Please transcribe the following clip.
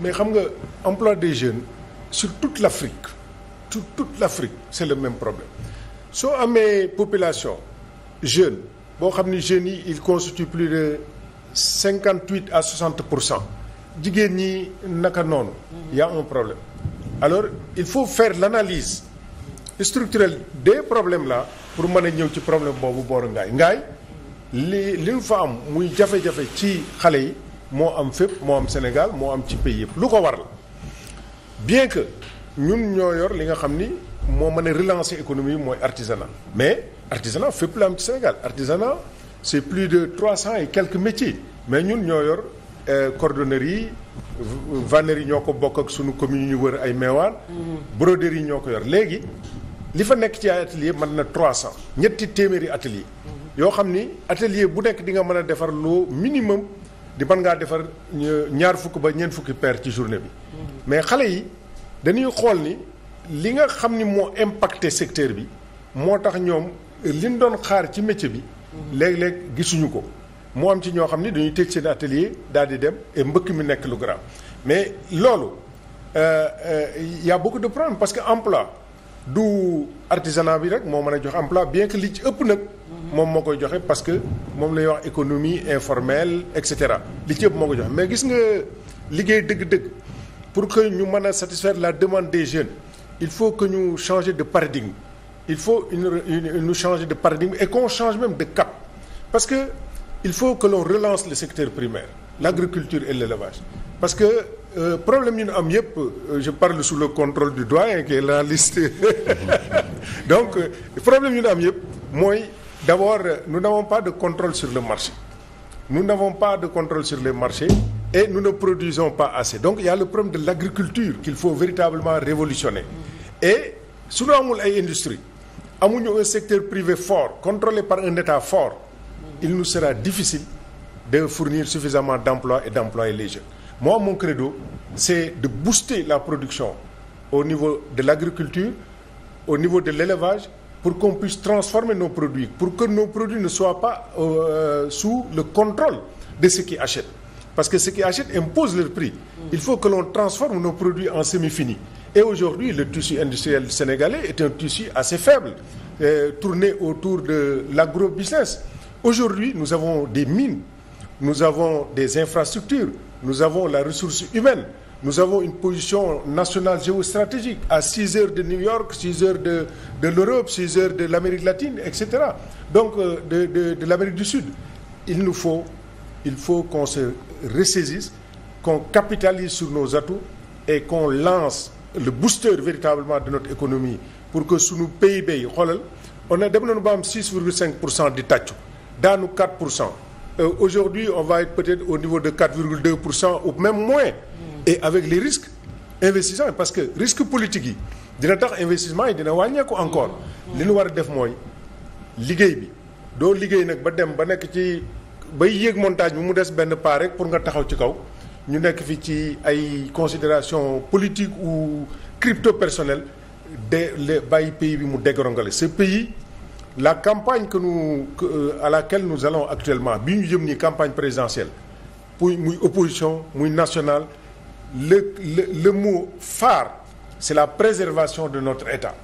mais xam nga emploi des jeunes sur toute l'Afrique sur toute l'Afrique c'est le même problème soo amee population jeune boo xam ni jeunes yi il constitue plus de cinquante huit à soixante pour cent jigéen ñi naka noonu y a problème alors il faut faire l'analyse structurelle de problème la pour mën a ñëw ci problème boobu booru ngaay ngaay li li mu fa am muy jafe-jafe ci xale yi moo am fépp moo am Sénégal moo am ci pays yëpp lu ko waral bien que ñun ñoo yor li nga xam ni moo mën a relancer économie mooy artisanat mais artisanat fépp la am ci Sénégal artisanat c'est plus de trois cent yi quelques métiers mais ñun ñoo yor euh, cordonnerie yi vannerie yi ñoo ko bokk ak sunu communes ñu wër ay meewaan broderie yi ñoo ko yor léegi li fa nekk ci ay atelier mën na trois cent ñetti téeméeri atelier yoo xam ni atelier bu nekk di nga mën a defar loo minimum di mën ngaa defar ñaar fukk ba ñeent fukki paire ci journée bi. mais xale yi dañuy xool ni li nga xam ni moo impacté secteur bi moo tax ñoom liñ doon xaar ci métier bi. léeg-léeg gisuñu ko. moo am ci ñoo xam ni dañuy tëj seen atelier daal di dem mbëkk mi nekk lu grave mais loolu euh, euh, y a beaucoup de problèmes parce que emploi du artisanat bi rek moo mën a jox emploi bi que li ci ëpp nag. moom moo koy joxe parce que moom la wax économie informelle et cetera li ci ëpp moo koy joxe mais gis nga liggéey dëgg-dëgg pour que ñu mën a satisfaire la demande des jeunes il faut que ñu changer de paradigme il faut une ñu changer de paradigme et qu'on change même de cap parce que il faut que l'on relance le secteur primaire l'agriculture et l'élevage parce que euh, problème yi ñu am yëpp euh, je parle sous le contrôle du doyen qui est l'analyste donc euh, problème yi am yëpp mooy D'abord, nous n'avons pas de contrôle sur le marché. Nous n'avons pas de contrôle sur les marchés et nous ne produisons pas assez. Donc il y le problème de l'agriculture qu'il faut véritablement révolutionner. Et su ñu amul ay industrie amuñu un secteur privé fort contrôlé par un État fort il nous sera difficile de fournir suffisamment d'emplois et d'employer les jeunes. Moi, mon credo, c'est de booster la production au niveau de l'agriculture, au niveau de l'élevage pour qu'on puisse transformer nos produits, pour que nos produits ne soient pas euh, euh, sous le contrôle de ceux qui achètent. Parce que ceux qui achètent imposent leur prix. Il faut que l'on transforme nos produits en semi-finis. Et aujourd'hui, le tissu industriel sénégalais est un tissu assez faible, euh, tourné autour de l'agro-business. Aujourd'hui, nous avons des mines, nous avons des infrastructures, nous avons la ressource humaine. Nous avons une position nationale géostratégique à 6 heures de New York, 6 heures de, de l'Europe, 6 heures de l'Amérique latine, etc. Donc, euh, de, de, de l'Amérique du Sud. Il nous faut, il faut qu'on se ressaisisse, qu'on capitalise sur nos atouts et qu'on lance le booster véritablement de notre économie pour que sous nos PIB, on a 6,5% de tâches, dans nos 4%. Euh, Aujourd'hui, on va être peut-être au niveau de 4,2% ou même moins. et avec les risques investissement parce que risque politique yi dina tax investissement yi dina wàññeeku encore li ñu war a def mooy liggéey bi doo liggéey nag ba dem ba nekk ci bay yéeg montage bi mu des benn part pour nga taxaw ci kaw ñu nekk fi ci ay considération politique ou crypto personnel de le bàyyi pays bi mu dégorongale ce pays la campagne que nu que, euh, à laquelle nous allons actuellement bi ñu jëm nii campagne présidentielle pour muy opposition muy nationale le, le, le mot phare, c'est la préservation de notre État.